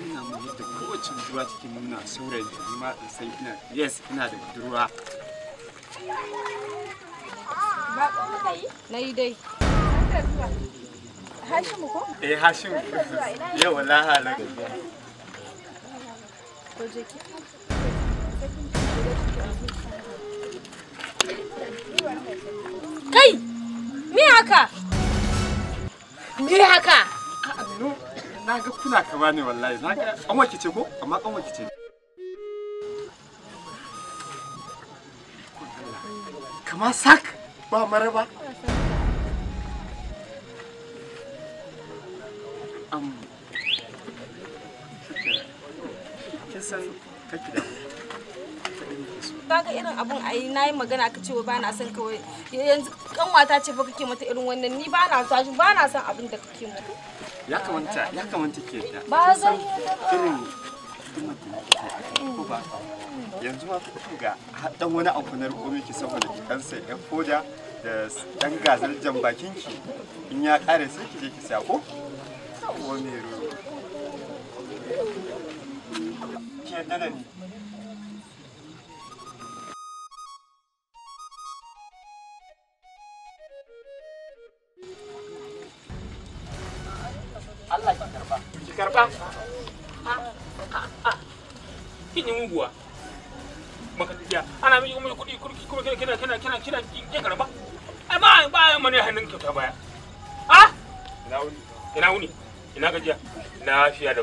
Ina mun da kowace budurwa take nuna saurayi da ma in san ina yes ina da budurwa. Ba ko muka yi? Na yi dai. Hashimu ko? Eh Hashimu. wallahi Kai! Me haka? Me haka? na ga kuna ka bani wallahi na ga an ce ko amma an ce kama sak ba maraba am kin san kake da kaga irin abun a yi magana ka cewa ba na son kawai yanzu kanwata ce ba kake mata irin wannan ni ba na son abin da kake mata ya kamanta ya kamanta ke da ba zan irin yanzu ma kuka ga dan wani abu na riko ki saboda ki kansa ya koda da ɗan gazar jan bakin ki in ya kare sai ki je ki siya ko kawo ne roro ki yadda da ni unguwa baka tafiya ana miji kuma kudi kurki kuma kina kina kina kina kina karba ai ba ba ya mane hannun ka ta baya ah ina wuni ina wuni ina gajiya lafiya da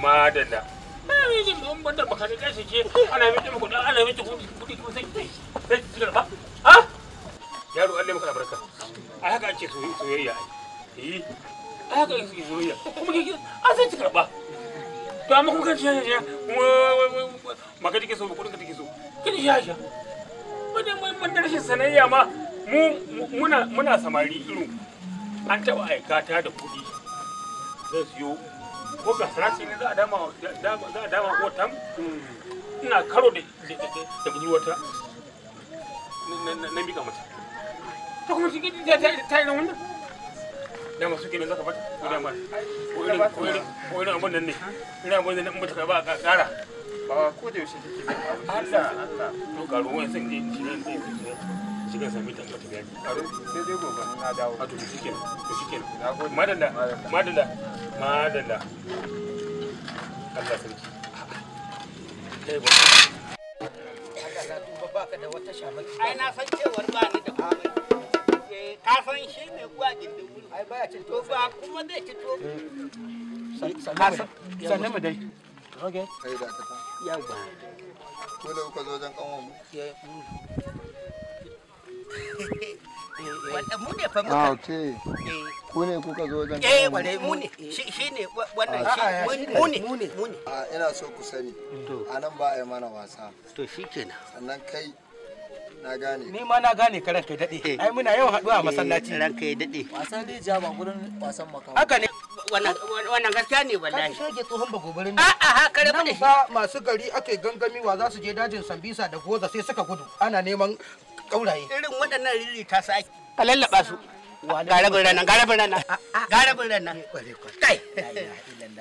madalla ai miji mun bandar baka da kashi ke ana miji kuɗi ana miji kudi kudi kuma sai sai ki karba ah yaro Allah maka albarka ai haka ake soyayya ai eh ai haka ake soyayya kuma ki a sai ki karba to amma kun kan shi shi maka take so kudin ka take so kin shi shi wannan mai mun rashin sanayya ma mu muna muna samari irin an taba aikata da kudi zan siyo ko ga sarasi ne za a dama za a dama de ina karo da da budurwata na mika mata ta kuma shi ta ta ta wannan dama suke ne zaka fata ko dama ko irin ko irin ko irin abun nan ne irin abun nan in ba ka kara ba ko da yaushe take Allah Allah to karo wani san ne shi ne zai shi kan sami ta ta gani karo sai dai gobe na dawo a to shike to shike madalla madalla madalla Allah sarki kai ba Allah ka tuba baka da wata shamaki ai na san cewar ba ni da komai ka san shi ne uwa gindin wuri ai baya cin to ba kuma zai ci to sanne mu dai oke da ka yawa ko da kuka zo wajen mu wanda mu ne fa muka ah ce ku ne kuka zo wajen eh mu ne shi ne wannan shi mu ne mu ne ina so ku sani a ba a yi mana wasa to shikenan sannan kai na gane ni ma na gane ka ranka dade eh. ai muna yau haduwa a eh, masallaci ranka ya dade wasa dai ja ba gurin wasan makawa haka ne wannan gaskiya ne wallahi kan shege tsohon ba gobarin a a ha kare bane ba masu gari ake gangami wa za su je dajin sambisa da goza sai suka gudu ana neman kauraye irin waɗannan ririta su ake ka lallaba su garabin ranar garabin ranar garabin ranar eh, kai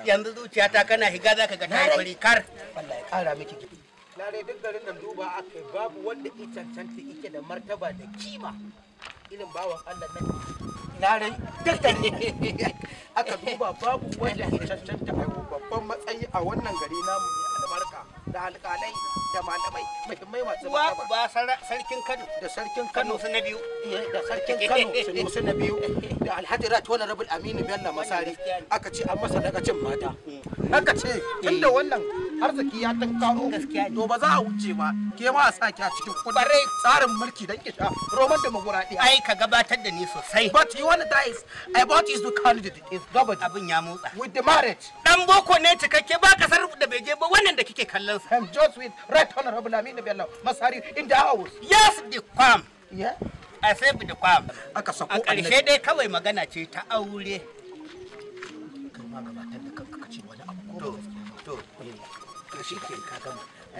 yanzu zuciya ta kana higa za ka ga ta yi kar wallahi kara miki gidi lare duk garin nan duba aka babu wanda ke cancanta ike da martaba da kima irin bawan Allah nan lare duk garin aka duba babu wanda ke cancanta a babban matsayi a wannan gari namu ne albarka da alƙalai da malamai muhimmai masu martaba ba sarkin Kano da sarkin Kano su na biyu da sarkin Kano su na biyu eh, da Alhaji Ratwana Rabul Aminu Bello Masari aka ce an masa daga cin mata mm. aka ce tunda eh. wannan arziki ya tankaro to ba za a wuce ba ke ma sa ki a cikin kudin tsarin mulki dan kisha roman demokuraɗiyya ai ka gabatar da ni sosai but you want that is i bought is the candidate is gabat abin ya motsa with the marriage dan boko ne cikakke ba kasar da bai je ba wannan da kike kallon sa i'm just with right honorable da bello masari in the house yes the farm yeah a sai bi da kwam a karshe dai kawai magana ce ta aure gabatar da kanka kace wani abu ko to to eh. shi ke ka gama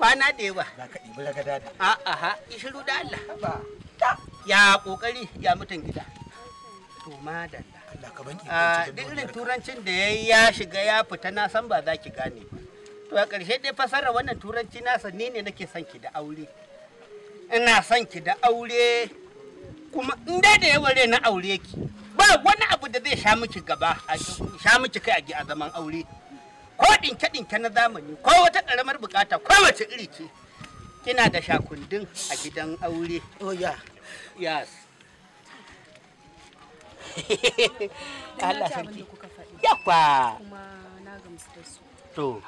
kwana da yawa za ka ɗibi ragada da a a ha shiru da Allah ya kokari ya mutan gida to madalla Allah ka banki ah, duk irin turancin da yayi ya shiga ya fita na san ba za ki gane ba to a ƙarshe dai fasara wannan turanci nasa ni ne nake son ki da aure ina son ki da aure kuma in dai da yawa na aure ki ba wani abu da zai sha miki gaba sha miki kai a zaman aure ɗinke-ɗinke na zamani ko wata ƙaramar bukata ko wace iri ce kina da shakundin a gidan aure oh ya yes Allah ya kwa kuma na gamsu da su to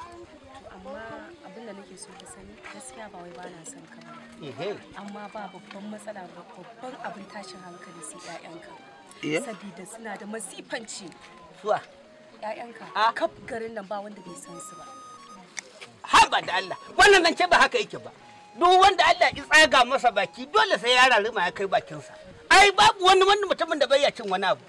amma abin da nake so ka sani gaskiya ba wai ba na son ka ba amma ba babban matsala ba babban abin tashin hankali sai ƴaƴanka sabida suna da masifanci zuwa ƴaƴanka ah. kaf garin nan ba wanda bai san su ba har da Allah wannan zance ba haka yake ba duk wanda Allah ya tsaga masa baki dole sai yara rarruma ya kai bakinsa ai babu wani wani mutumin da bai ya cin wani abu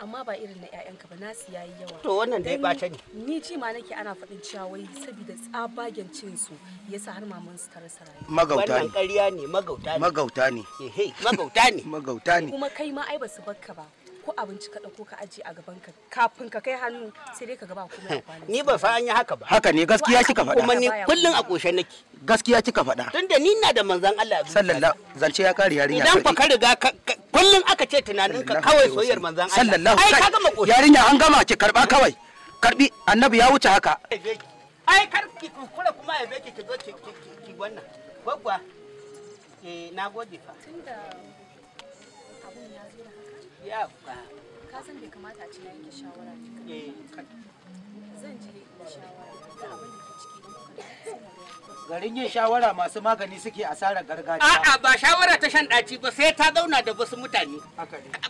amma ba irin na ƴaƴanka ba nasu yayi yawa to wannan dai ba ta ne ni ji ma nake ana faɗin cewa wai saboda tsabagen cin su yasa har maman su ta rasa rayuwa magauta ne wannan ƙarya ne magauta ne magauta ne magauta ne magauta ne kuma kai ma ai ba su bakka ba ko abinci ka ɗauko ka ajiye a gaban ka kafin ka kai hannu sai dai ka gaba kuma ya kwana ni ba fa an yi haka ba haka ne gaskiya kika faɗa kuma ni kullun a ƙoshe nake gaskiya kika faɗa tunda ni ina da manzon Allah sallallahu zance ya kare yarinya idan fa ka riga kullun aka ce tunanin ka kawai soyayyar manzon Allah sallallahu ai ka gama ƙoshe yarinya an gama ki karba kawai karbi annabi ya wuce haka ai kar ki kula kuma ya beki ki zo ki wannan gwaggwa eh na fa tunda abun ya zo da haka yawa ka san bai kamata a ce na yanke shawara eh, zan je da shawara da abin da ke ciki garin yin shawara masu magani suke asarar gargajiya a'a ba shawara ta shan ɗaci ba sai ta zauna da wasu mutane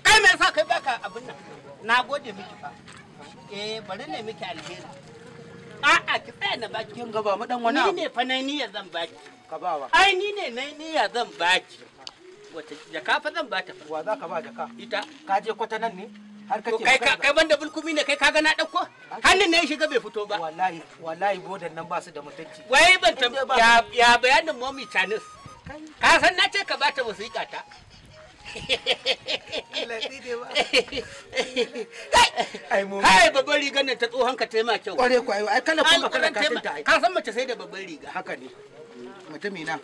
kai mai sa kai baka abin nan na gode miki fa eh bari ne miki alheri a'a ki tsaya na baki kin gaba mu dan wani ni ne fa na niyya zan baki ka ba wa. ai ni ne na niyya zan baki wata jaka fa zan bata fa wa za ka ba jaka ita ka je kwata nan ne har kake kai kai banda bulkumi ne kai ka ga na dauko hannun ne shiga bai fito ba wallahi wallahi bodan nan ba su da mutunci wai ban ya ya bayanin mommy chanis ka san na ce ka bata wasiƙa ta Hai babban rigar nan ta tsohon ka taima kyau. Kware kwayo ai kala kuma kala ka tinta ai. Ka san mace sai da babban riga. Haka ne. Mutumina.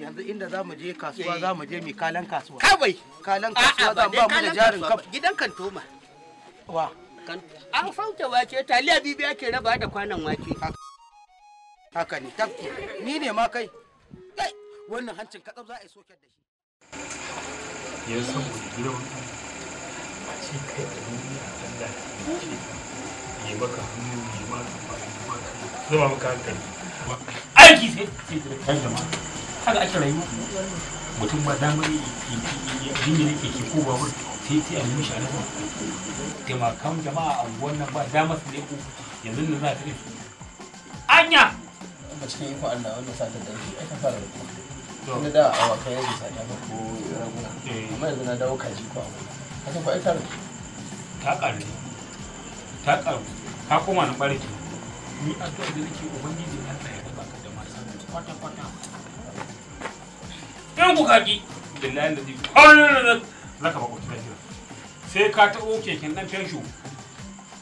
yanzu inda za mu je kasuwa eh. za mu je mai kalan kasuwa kawai kalan kasuwa za mu ba mu da jarin kafa gidan kantoma wa an fauta wake taliya bibi ake raba da kwanan wake haka ne tafki ni ne ma kai wannan hancin katsam za a yi soke da shi ya saboda gidan a ce kai da nuni a kan da ce yi maka hannu yi maka zuwa maka hankali aiki sai sai da kan jama'a haka ake rayuwa mutum ba damar jini ne ke ke ko babur sai a nemi shi a nasa taimakon jama'a a wannan ba damar su ne ko yanzu nan za ta ne anya ba cikin iko Allah wanda sa ta danki ai ta fara rubutu wani da awakai yake sa ta ko raguna eh. amma yanzu na dawo kaji ko a abu haka ko ai ta rubutu ta karu ta karu ta koma na barki ni addu'a da nake ubangiji Allah ya raba ka da mata kwata kwata in ku kaki billahi da zai ƙwarar da zaka ba ƙoci lafiya sai ka taɓo keken ɗan fensho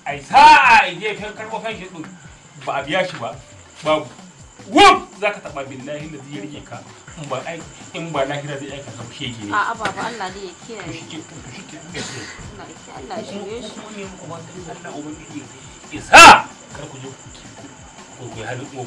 ai sa'a a je fen karɓo fensho ɗin ba a biya shi ba babu wuf za ka taɓa billahi da zai rike ka in ba ai na kira zai aika ka shege ne a'a baba Allah ne ya kiyaye shi ke shi ke Allah shi ne shi ne kuma Allah ubangiji isa kar ku je ku ku ku halu ku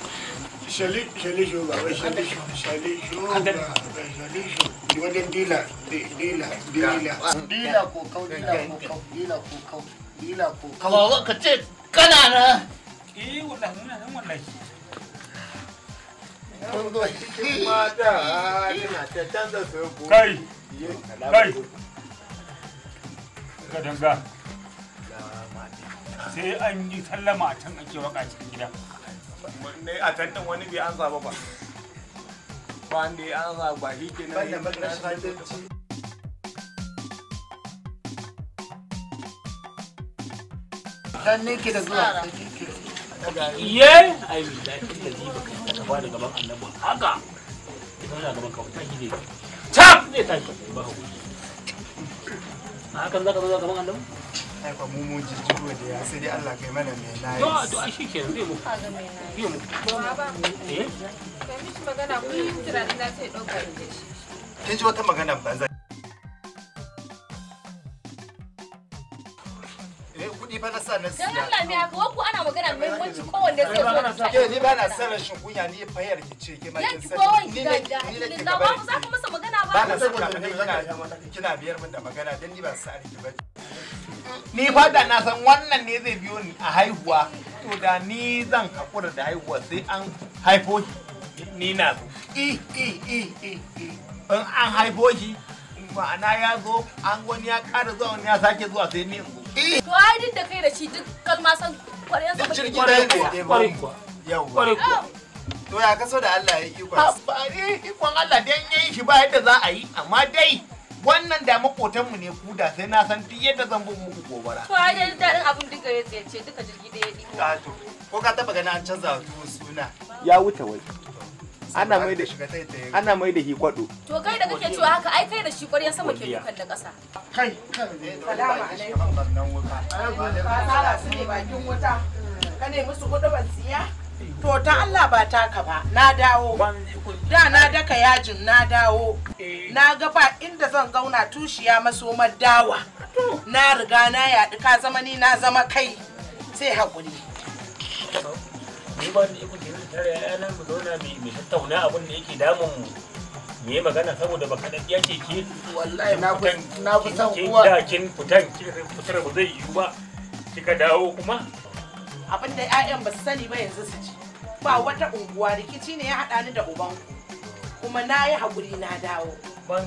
shalik shalik shoga wai shalik shalik shoga dila dila dila dila ko kau dila ko kau dila ko kau dila ko kau ka ce kana na eh, eh kai kai ka danga sai an yi sallama a can ake waka cikin gida ne a tantan wani bai an zaba ba ba ne an zaba shi ke nan yin dan ne ke da zuwa iye ai bi da ita ji ba ka taba da gaban annabi haka ki zauna gaban ka ta gide tap ba ka a hakan zaka zo gaban annabi haifa mu jijjigo da ya sai dai Allah kai mana mai yi. to shi zai mu mai mu ba eh kai magana ku yi tunanin na sai dauka da shi kin ji wata magana banza eh, kuɗi fa na sa na siya. Dan Allah me haka wanku ana magana mai muhimmanci kowanne sai wani sai. Ke ni ba na san rashin kunya ni fayar ki ce ke ma Ni ne ni ne ki Ba ba. na kina biyar mun da magana dan ni ba sa ki ba. ni fada na san wannan ne zai biyo ni a haihuwa to da ni zan haƙura da haihuwa sai an haifo shi ni na zo i i i i in an haifo shi ma'ana ya zo an wani ya ƙara zuwa wani ya sake zuwa sai ni in zo to ai duk da kai da shi duk kalma san kwarewa sa kwarewa kware kwarewa to ya kaso da Allah ya yi ni ikon Allah dan yayin shi ba yadda za a yi amma dai wannan da mu ne ku da sai na san duk yadda zan bin muku gobara. To ai dai daɗin abin duka ya ce duka jirgi da ya ɗi. to ko ka taɓa ganin an canza wa suna. Ya wuce wai. Ana mai da ana mai da hikwado. To kai da kake cewa haka ai kai da shi ƙwaryan sama ke dukan da ƙasa. Kai kai. Eh, salamu alaikum. Ka tsara su ne bakin wuta. Ka ne musu kuɗin siya. to ta Allah ba taka ba na dawo da na daka yajin na dawo eh. na ga ba inda zan gauna tushiya masomar dawa na riga na yaɗu. ka zama ni na zama kai sai haƙuri ba ni ikon da mu mai da yake damun mu me magana saboda baka da ya ce wallahi na fi na fi san uwa kin fitan kin fitar ba zai yiwu ba kika dawo kuma abin da 'ya'yan ba su sani ba yanzu su ci ba wata unguwa rikici ne ya haɗa ni da uban kuma na yi haƙuri na dawo ban